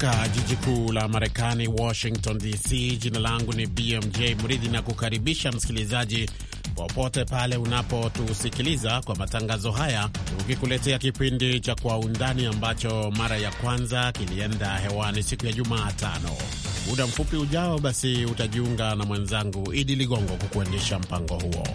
Kutoka jiji kuu la Marekani, Washington DC, jina langu ni BMJ Mridhi na kukaribisha msikilizaji popote pale unapotusikiliza kwa matangazo haya, ukikuletea kipindi cha Kwa Undani ambacho mara ya kwanza kilienda hewani siku ya Jumatano. Muda mfupi ujao, basi utajiunga na mwenzangu Idi Ligongo kukuendesha mpango huo.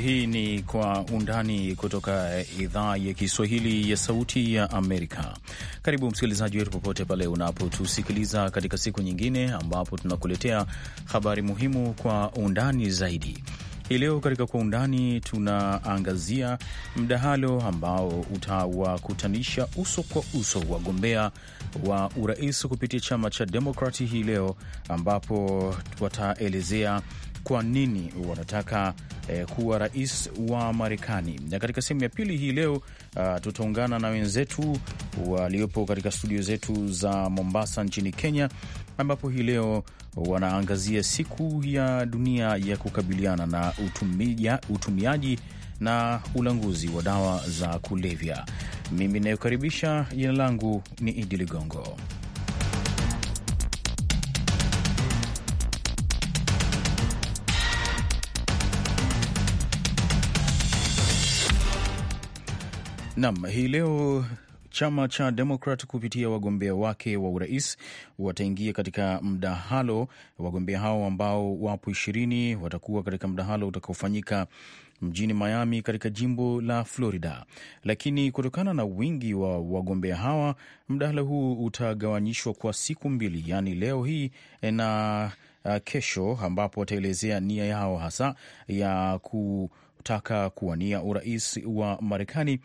Hii ni Kwa Undani kutoka idhaa ya Kiswahili ya Sauti ya Amerika. Karibu msikilizaji wetu popote pale unapotusikiliza katika siku nyingine ambapo tunakuletea habari muhimu kwa undani zaidi. Hii leo katika Kwa Undani tunaangazia mdahalo ambao utawakutanisha uso kwa uso wagombea wa urais kupitia chama cha Demokrati hii leo, ambapo wataelezea kwa nini wanataka eh, kuwa rais wa Marekani. Na katika sehemu ya pili hii leo uh, tutaungana na wenzetu waliopo katika studio zetu za Mombasa nchini Kenya, ambapo hii leo wanaangazia siku ya dunia ya kukabiliana na utumia, utumiaji na ulanguzi wa dawa za kulevya. Mimi inayokaribisha, jina langu ni Idi Ligongo. Nam, hii leo chama cha Demokrat kupitia wagombea wake wa urais wataingia katika mdahalo. Wagombea hao ambao wapo ishirini watakuwa katika mdahalo utakaofanyika mjini Miami katika jimbo la Florida, lakini kutokana na wingi wa wagombea hawa mdahalo huu utagawanyishwa kwa siku mbili, yaani leo hii na uh, kesho, ambapo wataelezea nia yao hasa ya ku taka kuwania urais wa Marekani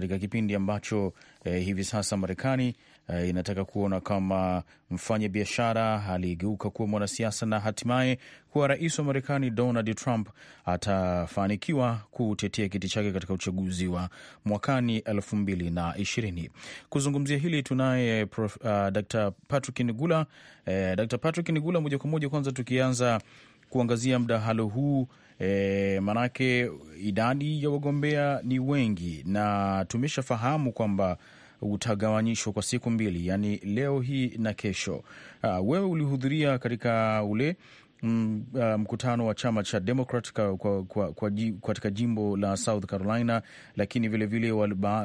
katika kipindi ambacho eh, hivi sasa Marekani eh, inataka kuona kama mfanya biashara aliyegeuka kuwa mwanasiasa na hatimaye kuwa rais wa Marekani Donald Trump atafanikiwa kutetea kiti chake katika uchaguzi wa mwakani elfu mbili na ishirini. Kuzungumzia hili tunaye uh, Dr. Patrick Nigula. Eh, Dr. Patrick Nigula, moja kwa moja, kwanza tukianza kuangazia mdahalo huu e, maanake idadi ya wagombea ni wengi, na tumeshafahamu kwamba utagawanyishwa kwa siku mbili, yani leo hii na kesho. Uh, wewe ulihudhuria katika ule mm, mkutano wa chama cha Democrat katika kwa, kwa, kwa jimbo la South Carolina, lakini vilevile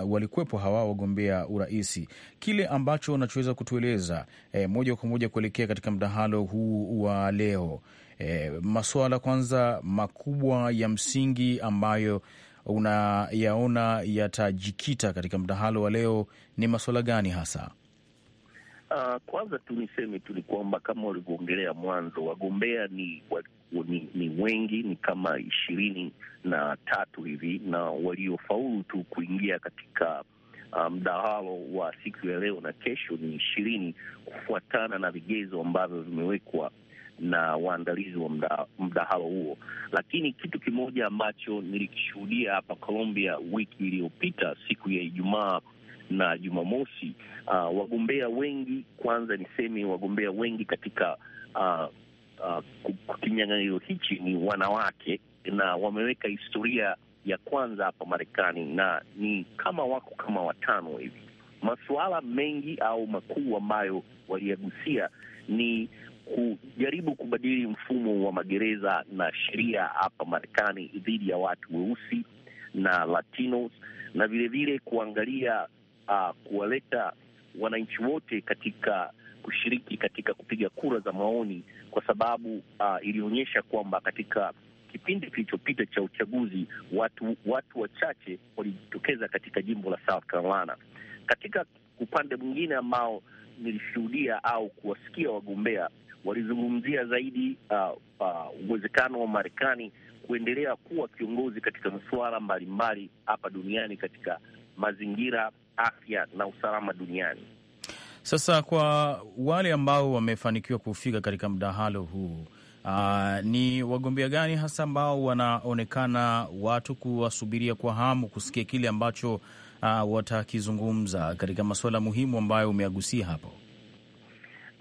walikuwepo hawa wagombea uraisi. Kile ambacho unachoweza kutueleza eh, moja kwa moja kuelekea katika mdahalo huu wa leo E, masuala kwanza makubwa ya msingi ambayo unayaona yatajikita katika mdahalo wa leo ni masuala gani hasa? Uh, kwanza tu niseme tu ni kwamba kama walivyoongelea mwanzo, wagombea ni, wa, ni ni wengi, ni kama ishirini na tatu hivi, na waliofaulu tu kuingia katika ah, mdahalo um, wa siku ya leo na kesho ni ishirini kufuatana na vigezo ambavyo vimewekwa na waandalizi wa mdahalo huo. Lakini kitu kimoja ambacho nilikishuhudia hapa Colombia wiki iliyopita siku ya Ijumaa na Jumamosi, uh, wagombea wengi, kwanza niseme wagombea wengi katika uh, uh, kinyang'anyiro hichi ni wanawake na wameweka historia ya kwanza hapa Marekani na ni kama wako kama watano hivi. Masuala mengi au makuu ambayo waliyagusia ni kujaribu kubadili mfumo wa magereza na sheria hapa Marekani dhidi ya watu weusi na Latinos na vilevile kuangalia uh, kuwaleta wananchi wote katika kushiriki katika kupiga kura za maoni, kwa sababu uh, ilionyesha kwamba katika kipindi kilichopita cha uchaguzi watu watu wachache walijitokeza katika jimbo la South Carolina. Katika upande mwingine ambao nilishuhudia au kuwasikia wagombea walizungumzia zaidi uwezekano uh, uh, wa Marekani kuendelea kuwa kiongozi katika masuala mbalimbali hapa duniani katika mazingira, afya na usalama duniani. Sasa kwa wale ambao wamefanikiwa kufika katika mdahalo huu Uh, ni wagombea gani hasa ambao wanaonekana watu kuwasubiria kwa hamu kusikia kile ambacho uh, watakizungumza katika masuala muhimu ambayo umeagusia hapo?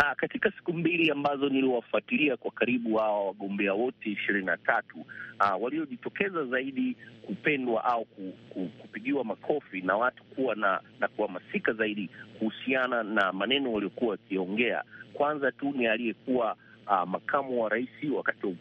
Aa, ah, katika siku mbili ambazo niliwafuatilia kwa karibu hawa wagombea wote ishirini na tatu ah, waliojitokeza zaidi kupendwa au ku, ku, kupigiwa makofi na watu kuwa na, na kuhamasika zaidi kuhusiana na maneno waliokuwa wakiongea, kwanza tu ni aliyekuwa Uh, makamu wa rais wakati wa,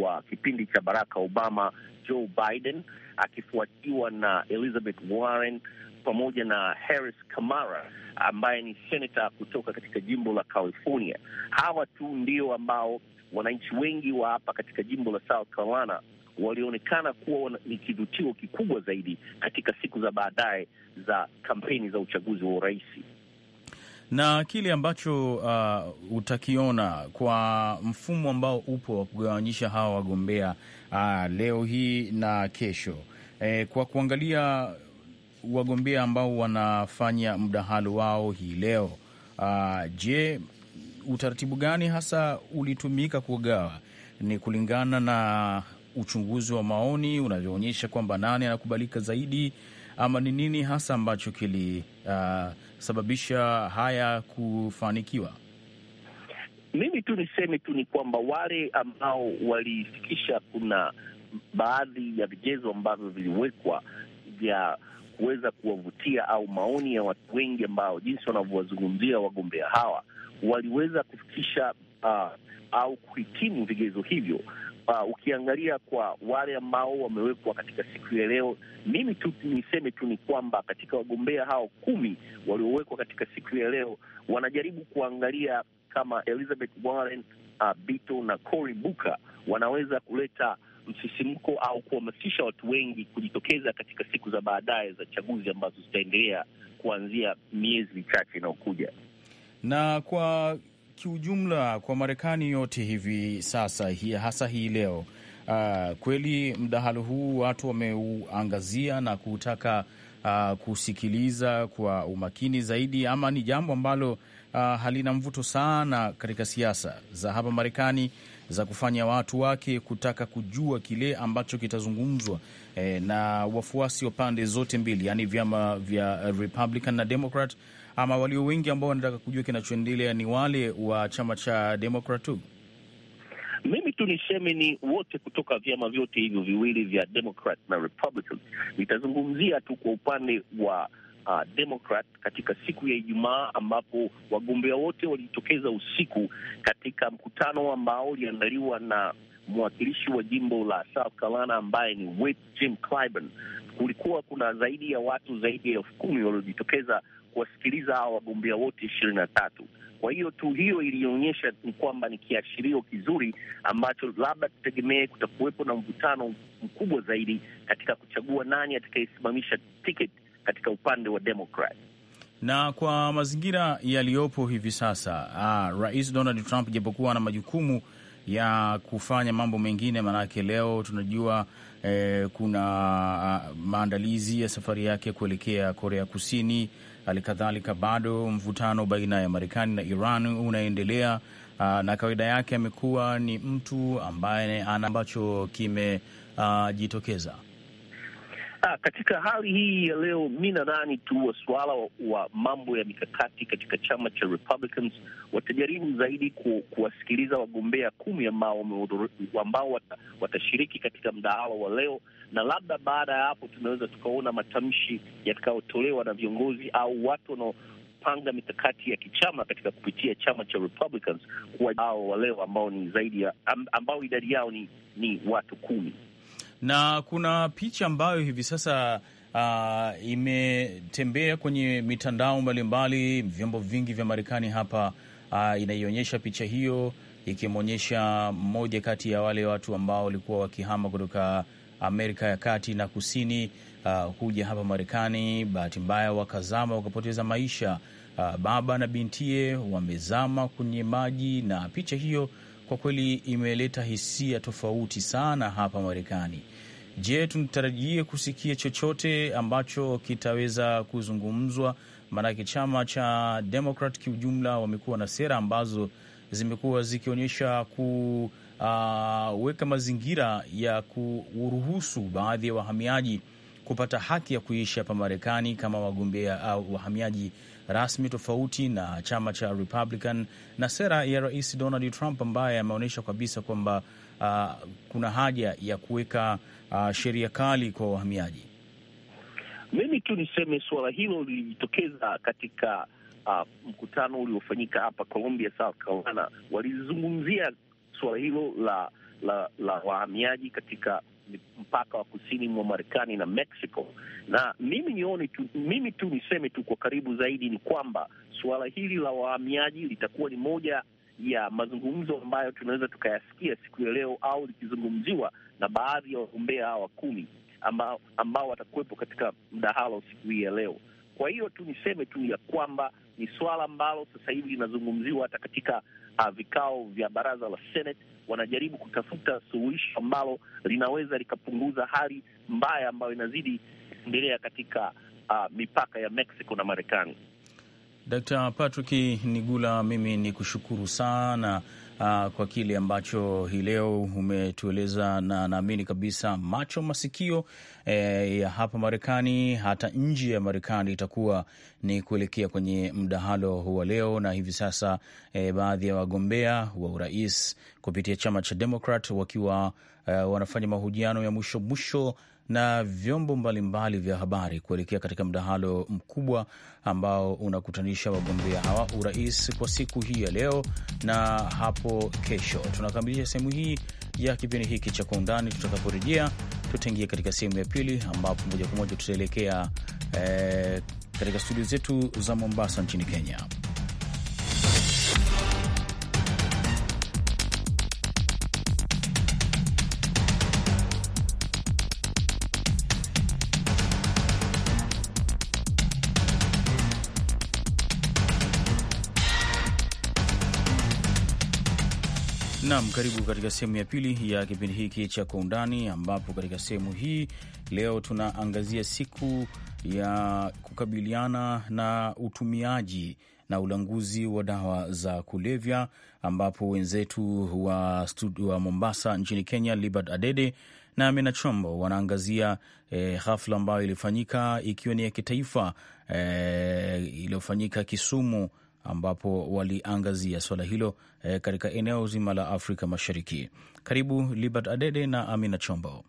wa kipindi cha Barack Obama Joe Biden akifuatiwa na Elizabeth Warren pamoja na Harris Kamara ambaye ni senata kutoka katika jimbo la California. Hawa tu ndio ambao wananchi wengi wa hapa katika jimbo la South Carolina walionekana kuwa ni kivutio kikubwa zaidi katika siku za baadaye za kampeni za uchaguzi wa urais na kile ambacho uh, utakiona kwa mfumo ambao upo wa kugawanyisha hawa wagombea uh, leo hii na kesho eh, kwa kuangalia wagombea ambao wanafanya mdahalo wao hii leo, uh, je, utaratibu gani hasa ulitumika kugawa? Ni kulingana na uchunguzi wa maoni unavyoonyesha kwamba nani anakubalika zaidi, ama ni nini hasa ambacho kilisababisha ah, uh, haya kufanikiwa? Mimi tu niseme tu ni kwamba wale ambao walifikisha, kuna baadhi ya vigezo ambavyo viliwekwa vya kuweza kuwavutia au maoni ya watu wengi ambao jinsi wanavyowazungumzia wagombea hawa waliweza kufikisha uh, au kuhitimu vigezo hivyo. Uh, ukiangalia kwa wale ambao wamewekwa katika siku ya leo, mimi tu niseme tu ni kwamba katika wagombea hao kumi waliowekwa katika siku ya leo wanajaribu kuangalia kama Elizabeth Warren, uh, Bito na Cory Booker wanaweza kuleta msisimko au kuhamasisha watu wengi kujitokeza katika siku za baadaye za chaguzi ambazo zitaendelea kuanzia miezi michache inayokuja. Na kwa kiujumla, kwa Marekani yote hivi sasa hii, hasa hii leo uh, kweli mdahalo huu watu wameuangazia na kutaka uh, kusikiliza kwa umakini zaidi, ama ni jambo ambalo uh, halina mvuto sana katika siasa za hapa Marekani za kufanya watu wake kutaka kujua kile ambacho kitazungumzwa e, na wafuasi wa pande zote mbili, yaani vyama vya Republican na Democrat, ama walio wengi ambao wanataka kujua kinachoendelea ni wale wa chama cha Democrat tu. Mimi tu niseme ni wote kutoka vyama vyote hivyo viwili vya Democrat na Republican. Nitazungumzia tu kwa upande wa uh, Democrat katika siku ya Ijumaa ambapo wagombea wote walijitokeza usiku katika mkutano ambao uliandaliwa na mwakilishi wa jimbo la South Carolina ambaye ni Whip Jim Clyburn. Kulikuwa kuna zaidi ya watu zaidi ya elfu kumi waliojitokeza kuwasikiliza hawa wagombea wote ishirini na tatu. Kwa hiyo tu hiyo ilionyesha ni kwamba ni kiashirio kizuri ambacho labda tutegemee kutakuwepo na mvutano mkubwa zaidi katika kuchagua nani atakayesimamisha tiketi katika upande wa Democrat. Na kwa mazingira yaliyopo hivi sasa, ah, Rais Donald Trump japokuwa ana majukumu ya kufanya mambo mengine, maanake leo tunajua eh, kuna ah, maandalizi ya safari yake kuelekea Korea Kusini. Halikadhalika, bado mvutano baina ya Marekani na Iran unaendelea. Uh, na kawaida yake amekuwa ni mtu ambaye ana ambacho kimejitokeza uh, Ah, katika hali hii ya leo mi nadhani tu wasuala wa, wa mambo ya mikakati katika chama cha Republicans watajaribu zaidi ku, kuwasikiliza wagombea kumi ambao ambao watashiriki katika mdahalo wa leo, na labda baada ya hapo tunaweza tukaona matamshi yatakayotolewa na viongozi au watu wanao panga mikakati ya kichama katika kupitia chama cha Republicans kuwa hao wa leo ambao ni zaidi ya ambao idadi yao ni, ni watu kumi na kuna picha ambayo hivi sasa uh, imetembea kwenye mitandao mbalimbali, vyombo vingi vya Marekani hapa uh, inaionyesha picha hiyo ikimwonyesha mmoja kati ya wale watu ambao walikuwa wakihama kutoka Amerika ya kati na kusini uh, kuja hapa Marekani, bahati mbaya wakazama wakapoteza maisha. Uh, baba na bintie wamezama kwenye maji na picha hiyo kwa kweli imeleta hisia tofauti sana hapa Marekani. Je, tunatarajie kusikia chochote ambacho kitaweza kuzungumzwa? Maanake chama cha Demokrat kiujumla wamekuwa na sera ambazo zimekuwa zikionyesha kuweka ah, uh, mazingira ya kuruhusu baadhi ya wahamiaji kupata haki ya kuishi hapa Marekani kama wagombea au uh, wahamiaji rasmi tofauti na chama cha Republican na sera ya Rais Donald Trump ambaye ameonyesha kabisa kwamba uh, kuna haja ya kuweka uh, sheria kali kwa wahamiaji. Mimi tu niseme suala hilo lilijitokeza katika uh, mkutano uliofanyika hapa Columbia, South Carolina. Walizungumzia suala hilo la la, la wahamiaji katika mpaka wa kusini mwa Marekani na Mexico. Na mimi nione tu, mimi tu niseme tu kwa karibu zaidi ni kwamba suala hili la wahamiaji litakuwa ni moja ya mazungumzo ambayo tunaweza tukayasikia siku ya leo au likizungumziwa na baadhi ya wagombea hawa kumi ambao ambao watakuwepo katika mdahalo siku hii ya leo. Kwa hiyo tu niseme tu ya kwamba ni swala ambalo sasa hivi linazungumziwa hata katika uh, vikao vya baraza la Senate. Wanajaribu kutafuta suluhisho ambalo linaweza likapunguza hali mbaya ambayo inazidi kuendelea katika uh, mipaka ya Mexico na Marekani. Dkt. Patrick Nigula, mimi ni kushukuru sana uh, kwa kile ambacho hii leo umetueleza, na naamini kabisa macho masikio eh, ya hapa Marekani hata nje ya Marekani itakuwa ni kuelekea kwenye mdahalo wa leo, na hivi sasa eh, baadhi ya wagombea wa urais kupitia chama cha Demokrat wakiwa eh, wanafanya mahojiano ya mwisho mwisho na vyombo mbalimbali vya habari kuelekea katika mdahalo mkubwa ambao unakutanisha wagombea hawa urais kwa siku hii ya leo na hapo kesho. Tunakamilisha sehemu hii ya kipindi hiki cha Kwa Undani. Tutakaporejea tutaingia katika sehemu ya pili, ambapo moja kwa moja tutaelekea eh, katika studio zetu za Mombasa nchini Kenya. Naam, karibu katika sehemu ya pili ya kipindi hiki cha Kwa Undani, ambapo katika sehemu hii leo tunaangazia siku ya kukabiliana na utumiaji na ulanguzi wa dawa za kulevya, ambapo wenzetu wa, wa Mombasa nchini Kenya, Libert Adede na Amina Chombo wanaangazia eh, hafla ambayo ilifanyika ikiwa ni ya kitaifa eh, iliyofanyika Kisumu ambapo waliangazia suala hilo e, katika eneo zima la Afrika Mashariki. Karibu Libert Adede na Amina Chombo.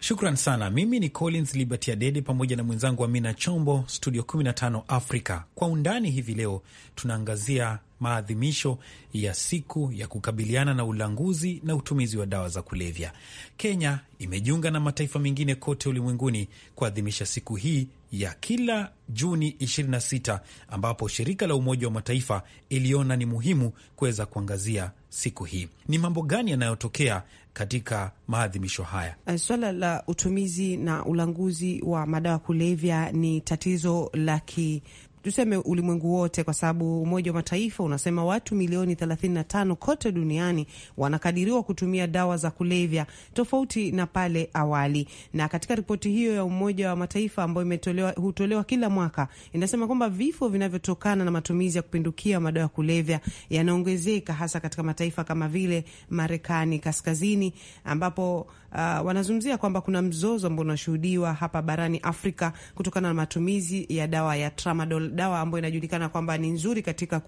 Shukran sana. Mimi ni Collins Liberty Adede pamoja na mwenzangu Amina Chombo, studio 15 Africa. Kwa undani hivi leo tunaangazia maadhimisho ya siku ya kukabiliana na ulanguzi na utumizi wa dawa za kulevya. Kenya imejiunga na mataifa mengine kote ulimwenguni kuadhimisha siku hii ya kila Juni 26 ambapo shirika la Umoja wa Mataifa iliona ni muhimu kuweza kuangazia siku hii. Ni mambo gani yanayotokea katika maadhimisho haya? Eh, swala la utumizi na ulanguzi wa madawa kulevya ni tatizo la ki tuseme ulimwengu wote, kwa sababu Umoja wa Mataifa unasema watu milioni 35 kote duniani wanakadiriwa kutumia dawa za kulevya tofauti na pale awali. Na katika ripoti hiyo ya Umoja wa Mataifa ambayo imetolewa hutolewa kila mwaka, inasema kwamba vifo vinavyotokana na matumizi ya kupindukia madawa ya kulevya yanaongezeka hasa katika mataifa kama vile Marekani kaskazini ambapo Uh, wanazungumzia kwamba kuna mzozo ambao unashuhudiwa hapa barani Afrika kutokana na matumizi ya dawa ya tramadol dawa ambayo inajulikana kwamba ni nzuri katika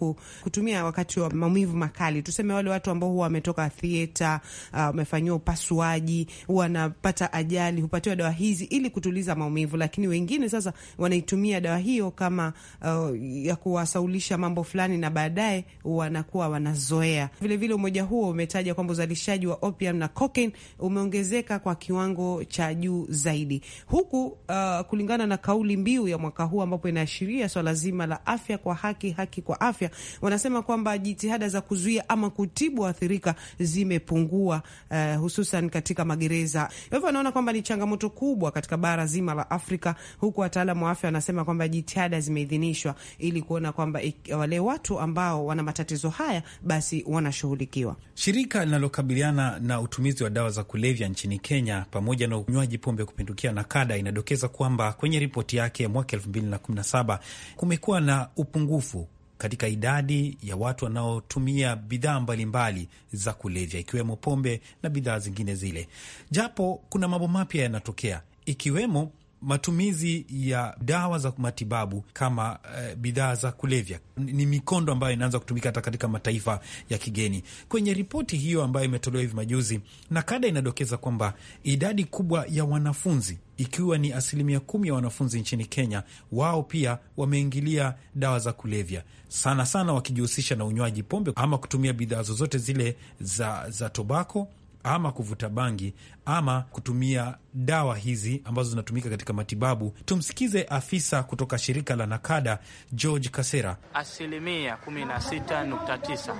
kutumia wakati wa maumivu makali. Tuseme wale watu ambao huwa wametoka theta, uh, wamefanyiwa uh, upasuaji, wanapata ajali, hupatiwa dawa hizi ili kutuliza maumivu, lakini wengine sasa wanaitumia dawa hiyo kama uh, ya kuwasaulisha mambo fulani, na baadaye wanakuwa wanazoea. Vilevile umoja huo umetaja kwamba uzalishaji wa opium na cocaine umeongezeka kwa kiwango cha juu zaidi, huku uh, kulingana na kauli mbiu ya mwaka huu ambapo inaashiria swala zima la afya kwa haki, haki kwa afya, wanasema kwamba jitihada za kuzuia ama kutibu athirika zimepungua, eh, hususan katika magereza. Kwa Hivyo wanaona kwamba ni changamoto kubwa katika bara zima la Afrika, huku wataalamu wa afya wanasema kwamba jitihada zimeidhinishwa ili kuona kwamba wale watu ambao wana matatizo haya basi wanashughulikiwa. Shirika linalokabiliana na utumizi wa dawa za kulevya nchini Kenya pamoja na unywaji pombe kupindukia na kada inadokeza kwamba kwenye ripoti yake ya mwaka 2017 kumekuwa na upungufu katika idadi ya watu wanaotumia bidhaa mbalimbali za kulevya ikiwemo pombe na bidhaa zingine zile, japo kuna mambo mapya yanatokea ikiwemo matumizi ya dawa za matibabu kama uh, bidhaa za kulevya ni mikondo ambayo inaanza kutumika hata katika mataifa ya kigeni. Kwenye ripoti hiyo ambayo imetolewa hivi majuzi, na kada inadokeza kwamba idadi kubwa ya wanafunzi ikiwa ni asilimia kumi ya wanafunzi nchini Kenya, wao pia wameingilia dawa za kulevya, sana sana wakijihusisha na unywaji pombe ama kutumia bidhaa zozote zile za, za tobako ama kuvuta bangi ama kutumia dawa hizi ambazo zinatumika katika matibabu. Tumsikize afisa kutoka shirika la Nakada George Kasera. Asilimia 16.9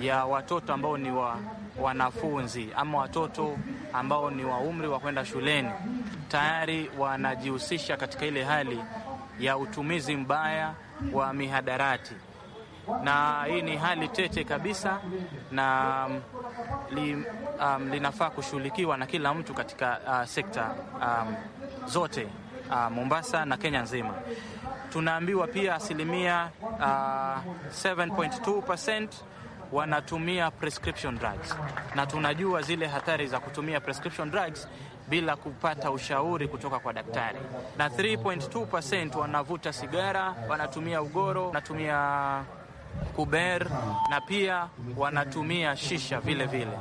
ya watoto ambao ni wa wanafunzi ama watoto ambao ni wa umri wa kwenda shuleni tayari wanajihusisha katika ile hali ya utumizi mbaya wa mihadarati na hii ni hali tete kabisa na mm, li, um, linafaa kushughulikiwa na kila mtu katika uh, sekta um, zote uh, Mombasa na Kenya nzima. Tunaambiwa pia asilimia uh, 7.2% wanatumia prescription drugs, na tunajua zile hatari za kutumia prescription drugs bila kupata ushauri kutoka kwa daktari, na 3.2% wanavuta sigara, wanatumia ugoro, wanatumia kuber na pia wanatumia shisha vile vile.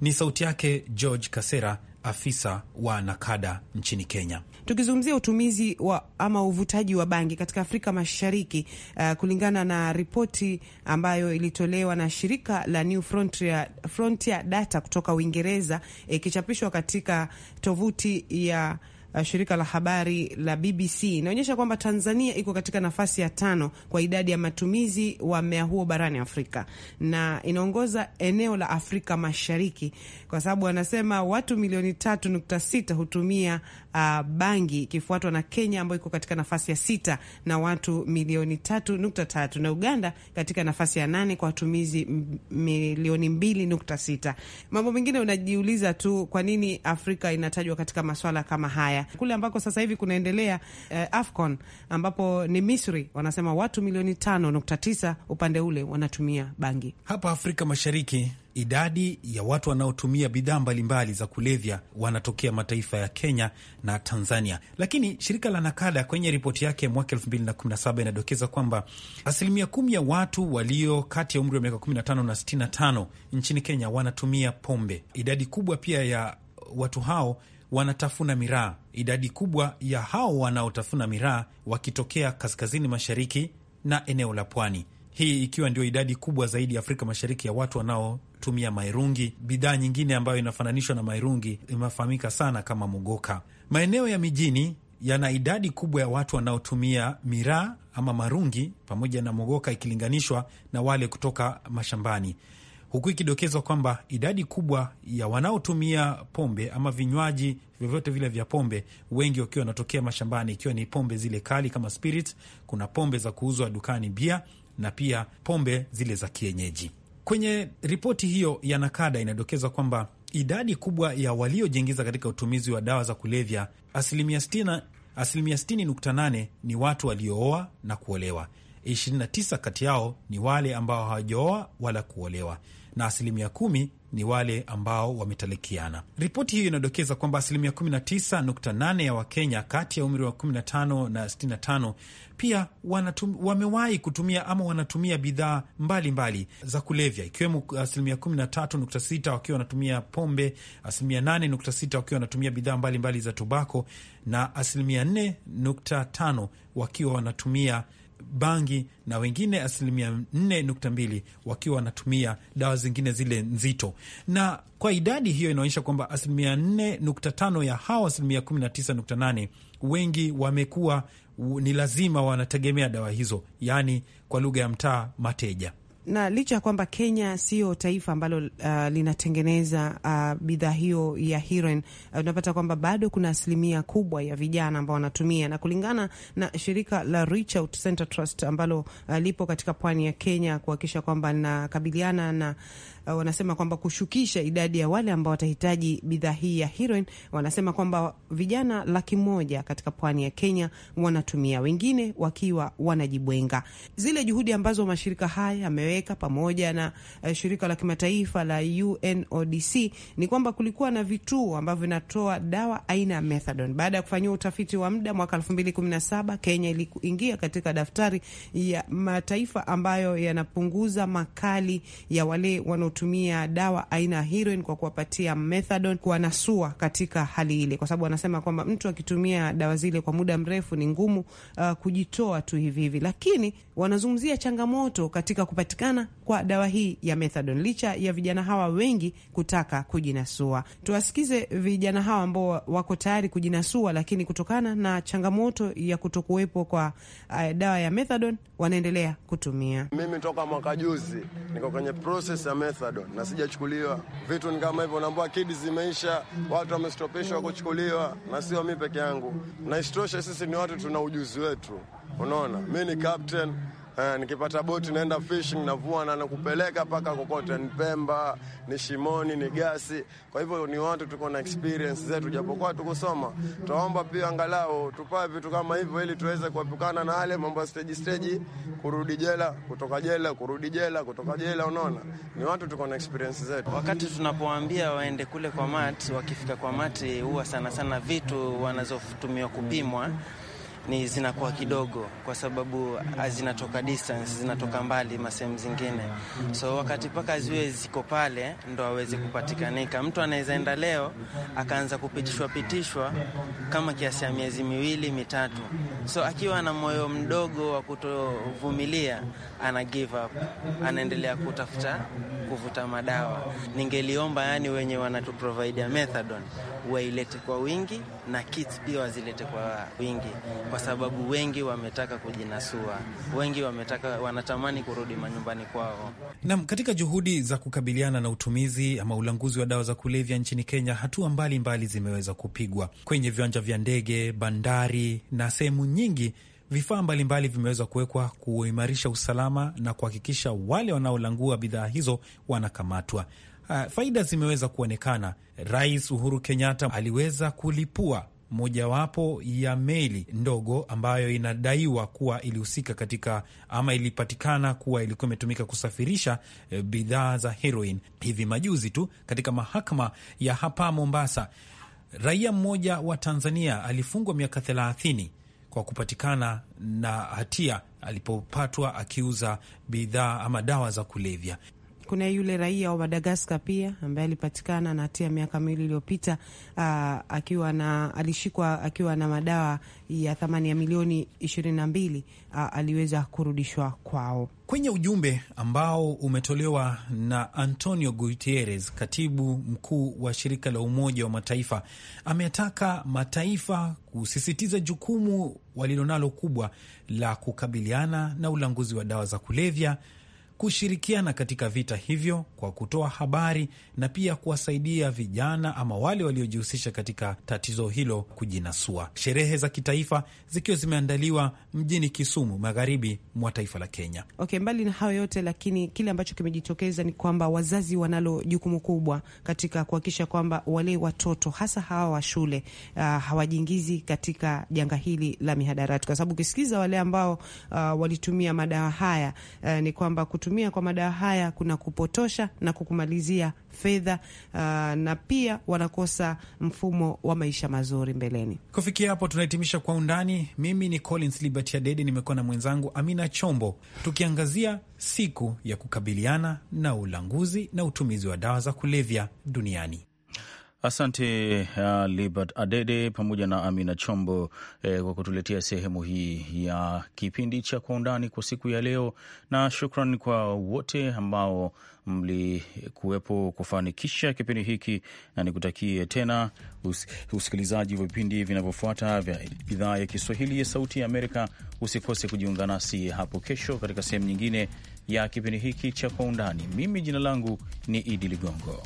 Ni sauti yake George Kasera, afisa wa Nakada nchini Kenya. Tukizungumzia utumizi wa ama uvutaji wa bangi katika Afrika Mashariki, uh, kulingana na ripoti ambayo ilitolewa na shirika la New Frontier, Frontier Data kutoka Uingereza ikichapishwa eh, katika tovuti ya uh, shirika la habari la BBC inaonyesha kwamba Tanzania iko katika nafasi ya tano kwa idadi ya matumizi wa mmea huo barani Afrika na inaongoza eneo la Afrika Mashariki kwa sababu wanasema watu milioni tatu nukta sita hutumia uh, bangi ikifuatwa na Kenya ambayo iko katika nafasi ya sita na watu milioni tatu nukta tatu na Uganda katika nafasi ya nane kwa watumizi milioni mbili nukta sita. Mambo mengine unajiuliza tu kwa nini Afrika inatajwa katika maswala kama haya kule ambako sasa hivi kunaendelea eh, AFCON ambapo ni Misri, wanasema watu milioni tano nukta tisa upande ule wanatumia bangi. Hapa Afrika Mashariki idadi ya watu wanaotumia bidhaa mbalimbali za kulevya wanatokea mataifa ya Kenya na Tanzania, lakini shirika la Nakada kwenye ripoti yake mwaka 2017 inadokeza kwamba asilimia kumi ya watu walio kati ya umri wa miaka 15 na 65 nchini Kenya wanatumia pombe. Idadi kubwa pia ya watu hao wanatafuna miraa. Idadi kubwa ya hao wanaotafuna miraa wakitokea kaskazini mashariki na eneo la pwani, hii ikiwa ndio idadi kubwa zaidi ya Afrika Mashariki ya watu wanaotumia mairungi. Bidhaa nyingine ambayo inafananishwa na mairungi imefahamika sana kama mogoka. Maeneo ya mijini yana idadi kubwa ya watu wanaotumia miraa ama marungi pamoja na mogoka ikilinganishwa na wale kutoka mashambani huku ikidokezwa kwamba idadi kubwa ya wanaotumia pombe ama vinywaji vyovyote vile vya pombe, wengi wakiwa wanatokea mashambani, ikiwa ni pombe zile kali kama spirit. Kuna pombe za kuuzwa dukani, bia, na pia pombe zile za kienyeji. Kwenye ripoti hiyo ya Nakada inadokeza kwamba idadi kubwa ya waliojiingiza katika utumizi wa dawa za kulevya, asilimia 60.8 ni watu waliooa na kuolewa. 29 kati yao ni wale ambao hawajaoa wala kuolewa na asilimia kumi ni wale ambao wametalikiana. Ripoti hiyo inadokeza kwamba asilimia 19.8 ya Wakenya kati ya umri wa 15 na 65 pia wamewahi kutumia ama wanatumia bidhaa mbalimbali za kulevya, ikiwemo asilimia 13.6 wakiwa wanatumia pombe, asilimia 8.6 wakiwa wanatumia bidhaa mbalimbali za tobako na asilimia 4.5 wakiwa wanatumia bangi na wengine asilimia 4.2 wakiwa wanatumia dawa zingine zile nzito, na kwa idadi hiyo inaonyesha kwamba asilimia 4.5 ya hawa asilimia 198 wengi wamekuwa ni lazima wanategemea dawa hizo, yaani kwa lugha ya mtaa mateja na licha ya kwamba Kenya sio taifa ambalo uh, linatengeneza uh, bidhaa hiyo ya heroin, unapata uh, kwamba bado kuna asilimia kubwa ya vijana ambao wanatumia, na kulingana na shirika la Reach Out Center Trust ambalo uh, lipo katika pwani ya Kenya kuhakikisha kwamba linakabiliana na Uh, wanasema kwamba kushukisha idadi ya wale ambao watahitaji bidhaa hii ya heroin. Wanasema kwamba vijana laki moja katika pwani ya Kenya wanatumia, wengine wakiwa wanajibwenga. Zile juhudi ambazo mashirika haya yameweka pamoja na uh, shirika la kimataifa la UNODC ni kwamba kulikuwa na vituo ambavyo vinatoa dawa aina ya methadone. Baada ya kufanyiwa utafiti wa muda mwaka 2017 Kenya iliingia katika daftari ya mataifa ambayo yanapunguza makali ya wale wanao kutumia dawa aina ya heroin kwa kuwapatia methadone kuwanasua katika hali ile, kwa sababu wanasema kwamba mtu akitumia dawa zile kwa muda mrefu ni ngumu uh, kujitoa tu hivi hivi, lakini wanazungumzia changamoto katika kupatikana kwa dawa hii ya methadone, licha ya vijana hawa wengi kutaka kujinasua. Tuwasikize vijana hawa ambao wako tayari kujinasua, lakini kutokana na changamoto ya kutokuwepo kwa uh, dawa ya methadone wanaendelea kutumia. Mimi toka mwaka juzi niko kwenye process ya methadone Mastodon na sijachukuliwa. Vitu ni kama hivyo, naambiwa kidi zimeisha, watu wamestopishwa kuchukuliwa, na sio mi peke yangu. Na isitoshe sisi ni watu, tuna ujuzi wetu, unaona mi ni captain Eh, nikipata boti naenda fishing navua na nakupeleka mpaka kokote, ni Pemba, ni Shimoni, ni Gasi. Kwa hivyo ni watu tuko na experience zetu, japokuwa tukusoma. Tunaomba pia angalau tupae vitu kama hivyo, ili tuweze kuepukana na wale mambo ya stage stage, kurudi jela, kutoka jela, kurudi jela, kutoka jela. Unaona, ni watu tuko na experience zetu. Wakati tunapoambia waende kule kwa mat, wakifika kwa mat, huwa sana sana vitu wanazotumia kupimwa ni zinakuwa kidogo, kwa sababu zinatoka distance, zinatoka mbali masehemu zingine. So wakati mpaka ziwe ziko pale ndo aweze kupatikanika. Mtu anaweza enda leo akaanza kupitishwa pitishwa kama kiasi ya miezi miwili mitatu, so akiwa na moyo mdogo wa kutovumilia, ana give up, anaendelea kutafuta kuvuta madawa. Ningeliomba yani wenye wanatuprovide methadone wailete kwa wingi na kits pia wazilete kwa wingi kwa sababu wengi wametaka kujinasua, wengi wametaka wanatamani kurudi manyumbani kwao. Nam, katika juhudi za kukabiliana na utumizi ama ulanguzi wa dawa za kulevya nchini Kenya, hatua mbalimbali zimeweza kupigwa kwenye viwanja vya ndege, bandari na sehemu nyingi vifaa mbalimbali vimeweza kuwekwa kuimarisha usalama na kuhakikisha wale wanaolangua bidhaa hizo wanakamatwa. Uh, faida zimeweza kuonekana. Rais Uhuru Kenyatta aliweza kulipua mojawapo ya meli ndogo ambayo inadaiwa kuwa ilihusika katika ama ilipatikana kuwa ilikuwa imetumika kusafirisha eh, bidhaa za heroin. Hivi majuzi tu katika mahakama ya hapa Mombasa, raia mmoja wa Tanzania alifungwa miaka thelathini kwa kupatikana na hatia alipopatwa akiuza bidhaa ama dawa za kulevya kuna yule raia wa Madagaskar pia ambaye alipatikana na hatia miaka miwili iliyopita ah, akiwa na alishikwa akiwa na madawa ya thamani ya milioni ishirini na mbili ah, aliweza kurudishwa kwao. Kwenye ujumbe ambao umetolewa na Antonio Guterres, katibu mkuu wa shirika la Umoja wa Mataifa, ametaka mataifa kusisitiza jukumu walilonalo kubwa la kukabiliana na ulanguzi wa dawa za kulevya kushirikiana katika vita hivyo kwa kutoa habari na pia kuwasaidia vijana ama wale waliojihusisha katika tatizo hilo kujinasua. Sherehe za kitaifa zikiwa zimeandaliwa mjini Kisumu, magharibi mwa taifa la Kenya. Okay, mbali na hayo yote lakini kile ambacho kimejitokeza ni kwamba wazazi wanalo jukumu kubwa katika kuhakikisha kwamba wale watoto hasa hawa wa shule uh, hawajiingizi katika janga hili la mihadarati, kwa sababu ukisikiza wale ambao uh, walitumia madawa haya uh, ni kwamba kutumia kwa madawa haya kuna kupotosha na kukumalizia fedha uh, na pia wanakosa mfumo wa maisha mazuri mbeleni. Kufikia hapo, tunahitimisha kwa undani. Mimi ni Collins Liberty Adede, nimekuwa na mwenzangu Amina Chombo, tukiangazia siku ya kukabiliana na ulanguzi na utumizi wa dawa za kulevya duniani. Asante uh, Libert Adede pamoja na Amina Chombo eh, kwa kutuletea sehemu hii ya kipindi cha Kwa Undani kwa siku ya leo, na shukran kwa wote ambao mlikuwepo kufanikisha kipindi hiki, na nikutakie tena us usikilizaji wa vipindi vinavyofuata vya idhaa ya Kiswahili ya Sauti ya Amerika. Usikose kujiunga nasi hapo kesho katika sehemu nyingine ya kipindi hiki cha Kwa Undani. Mimi jina langu ni Idi Ligongo.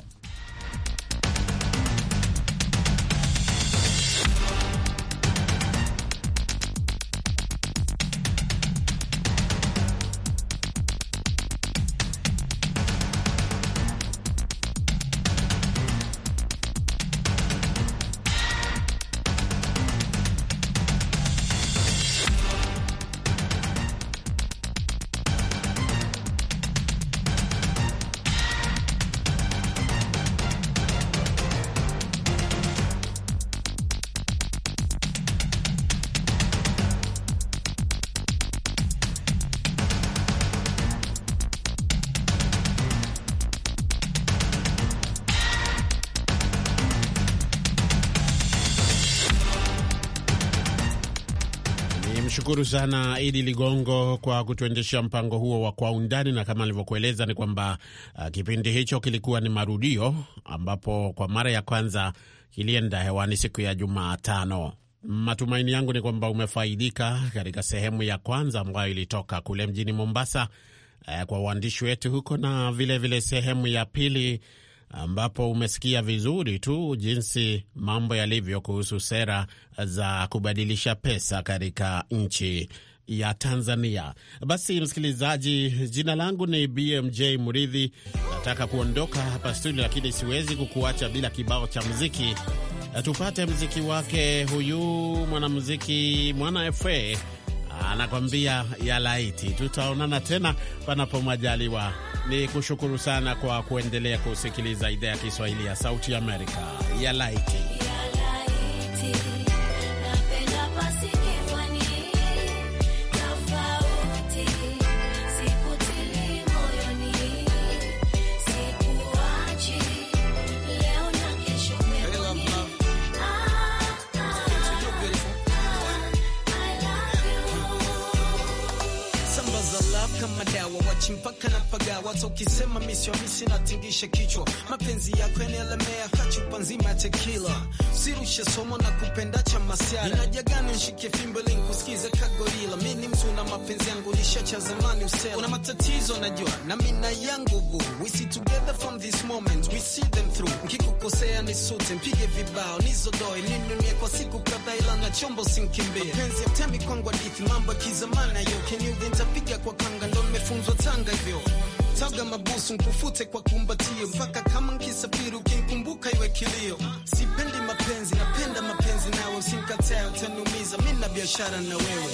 Namshukuru sana Idi Ligongo kwa kutuendeshea mpango huo wa Kwa Undani, na kama alivyokueleza ni kwamba uh, kipindi hicho kilikuwa ni marudio ambapo kwa mara ya kwanza kilienda hewani siku ya Jumatano. Matumaini yangu ni kwamba umefaidika katika sehemu ya kwanza ambayo ilitoka kule mjini Mombasa, uh, kwa uandishi wetu huko, na vilevile vile sehemu ya pili ambapo umesikia vizuri tu jinsi mambo yalivyo kuhusu sera za kubadilisha pesa katika nchi ya Tanzania. Basi msikilizaji, jina langu ni BMJ Muridhi. Nataka kuondoka hapa studio, lakini siwezi kukuacha bila kibao cha muziki. Tupate mziki wake huyu mwanamuziki Mwana FA anakwambia ya laiti. Tutaonana tena panapo majaliwa. Ni kushukuru sana kwa kuendelea kusikiliza idhaa ya Kiswahili ya Sauti Amerika. Ya laiti, ya laiti. Naishi mpaka na pagawa, wato ukisema misi wa misi natingisha kichwa. Mapenzi yako yanaelemea kachupa nzima ya sirusha somo na kupenda cha masiara inajagana nshike fimbo link kusikiza kagorila mi ni mtu na mapenzi yangu lisha cha zamani usela una matatizo najua na mina yangu gu we see together from this moment we see them through nkikukosea nisute mpige vibao nizodoe ninunie kwa siku kadhaa ila na chombo sinkimbie mapenzi ya temi kwangu hadithi mambo ya kizamani ayo keniudhi ntapiga kwa kanga ndo nimefunzwa tanga hivyo taga mabusu nkufute kwa kumbatio, mpaka kama nkisafiri ukinkumbuka iwe kilio. Sipendi mapenzi, napenda mapenzi nawe, usimkatae utaniumiza, mina biashara na wewe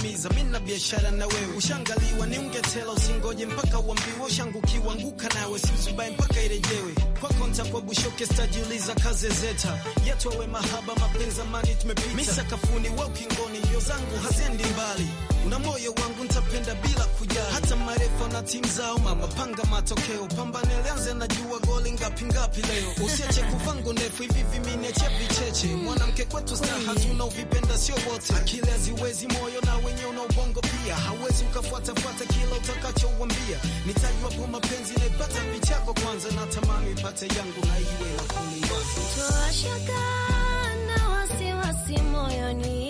kutimiza. Mimi na biashara na wewe, ushangaliwa ni ungetela, usingoje mpaka uambiwe, ushangukiwa nguka nawe, si uzubae mpaka irejewe kwa bushoke stajiuliza kaze zeta yetu, awe mahaba mapenzi, amani tumepita, mimi sakafuni, wewe ukingoni, yo zangu haziendi mbali una moyo wangu nitapenda bila kuja hata marefa na timu zao mama, panga matokeo, pambane lianze, najua goli ngapi ngapi leo, usiache kuvangu ndefu hivi vimeneche vicheche, mwanamke kwetu star hatuna, uvipenda sio wote, akili haziwezi moyo na wenye una ubongo pia, hawezi ukafuatafuata kila utakachouambia, nitajwapo mapenzi naipata vichako kwanza, na tamani ipate yangu na iwe la toa shaka na wasiwasi moyoni